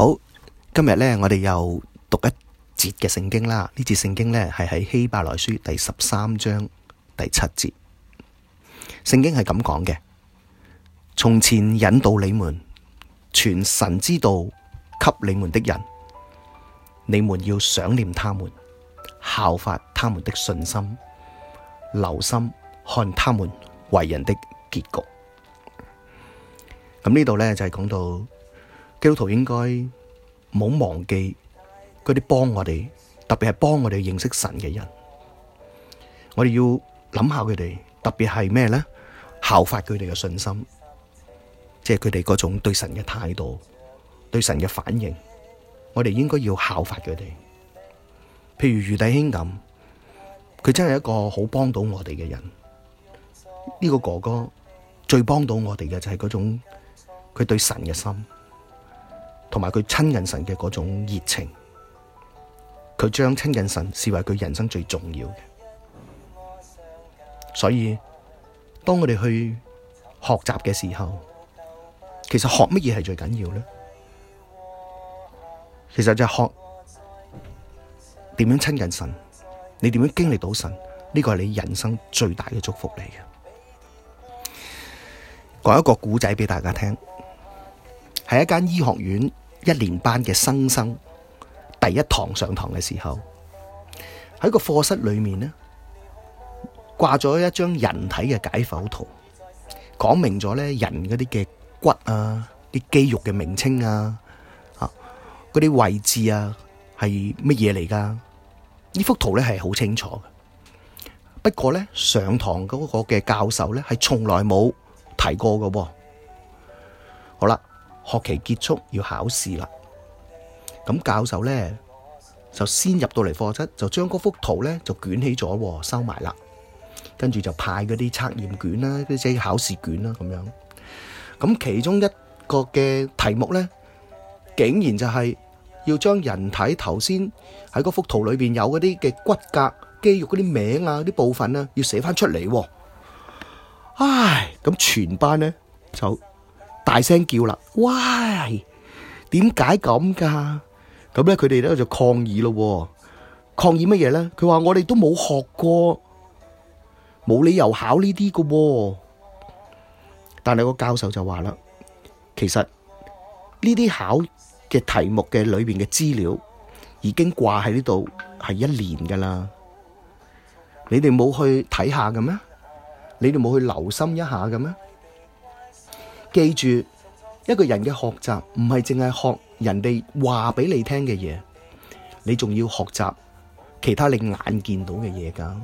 好，今日咧，我哋又讀一節嘅聖經啦。呢節聖經咧，係喺希伯來書第十三章第七節。聖經係咁講嘅：從前引導你們傳神之道給你們的人，你們要想念他們，效法他們的信心，留心看他們為人的結局。咁呢度咧就係、是、講到。基督徒應該唔好忘記嗰啲幫我哋，特別係幫我哋認識神嘅人。我哋要諗下佢哋，特別係咩呢？效法佢哋嘅信心，即係佢哋嗰種對神嘅態度，對神嘅反應。我哋應該要效法佢哋，譬如余弟兄咁，佢真係一個好幫到我哋嘅人。呢、這個哥哥最幫到我哋嘅就係嗰種佢對神嘅心。同埋佢親近神嘅嗰種熱情，佢將親近神視為佢人生最重要嘅。所以，當我哋去學習嘅時候，其實學乜嘢係最緊要咧？其實就係學點樣親近神，你點樣經歷到神，呢個係你人生最大嘅祝福嚟嘅。講一個古仔俾大家聽。係一間醫學院一年班嘅新生，生第一堂上堂嘅時候，喺個課室裏面呢，掛咗一張人體嘅解剖圖，講明咗咧人嗰啲嘅骨啊、啲肌肉嘅名稱啊、啊嗰啲位置啊係乜嘢嚟㗎。呢幅圖咧係好清楚嘅，不過咧上堂嗰個嘅教授咧係從來冇提過㗎喎。學期結束要考試啦，咁教授呢就先入到嚟課室，就將嗰幅圖呢就捲起咗收埋啦，跟住就派嗰啲測驗卷啦，嗰啲考試卷啦咁樣。咁其中一個嘅題目呢，竟然就係要將人體頭先喺嗰幅圖裏邊有嗰啲嘅骨骼、肌肉嗰啲名啊、啲部分啊，要寫翻出嚟。唉，咁全班呢就～大聲叫啦！喂，點解咁噶？咁咧，佢哋咧就抗議咯。抗議乜嘢咧？佢話我哋都冇學過，冇理由考呢啲噶。但係個教授就話啦，其實呢啲考嘅題目嘅裏邊嘅資料已經掛喺呢度係一年噶啦。你哋冇去睇下咁咩？你哋冇去留心一下咁咩？記住，一個人嘅學習唔係淨係學人哋話俾你聽嘅嘢，你仲要學習其他你眼見到嘅嘢噶。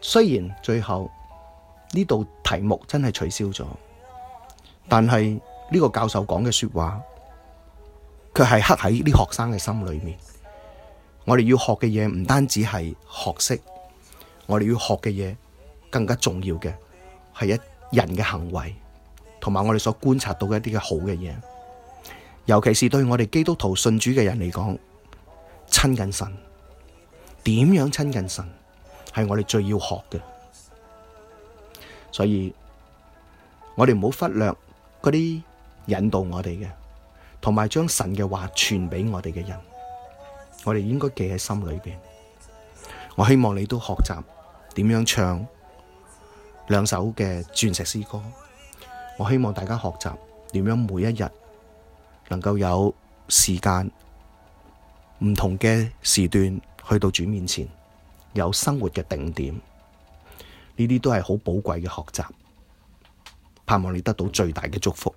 雖然最後呢道題目真係取消咗，但係呢個教授講嘅說話，佢係刻喺啲學生嘅心裏面。我哋要學嘅嘢唔單止係學識，我哋要學嘅嘢更加重要嘅。係一人嘅行為，同埋我哋所觀察到嘅一啲嘅好嘅嘢，尤其是對我哋基督徒信主嘅人嚟講，親近神，點樣親近神，係我哋最要學嘅。所以，我哋唔好忽略嗰啲引導我哋嘅，同埋將神嘅話傳俾我哋嘅人，我哋應該記喺心裏邊。我希望你都學習點樣唱。兩首嘅鑽石詩歌，我希望大家學習點樣每一日能夠有時間，唔同嘅時段去到主面前，有生活嘅定點，呢啲都係好寶貴嘅學習。盼望你得到最大嘅祝福。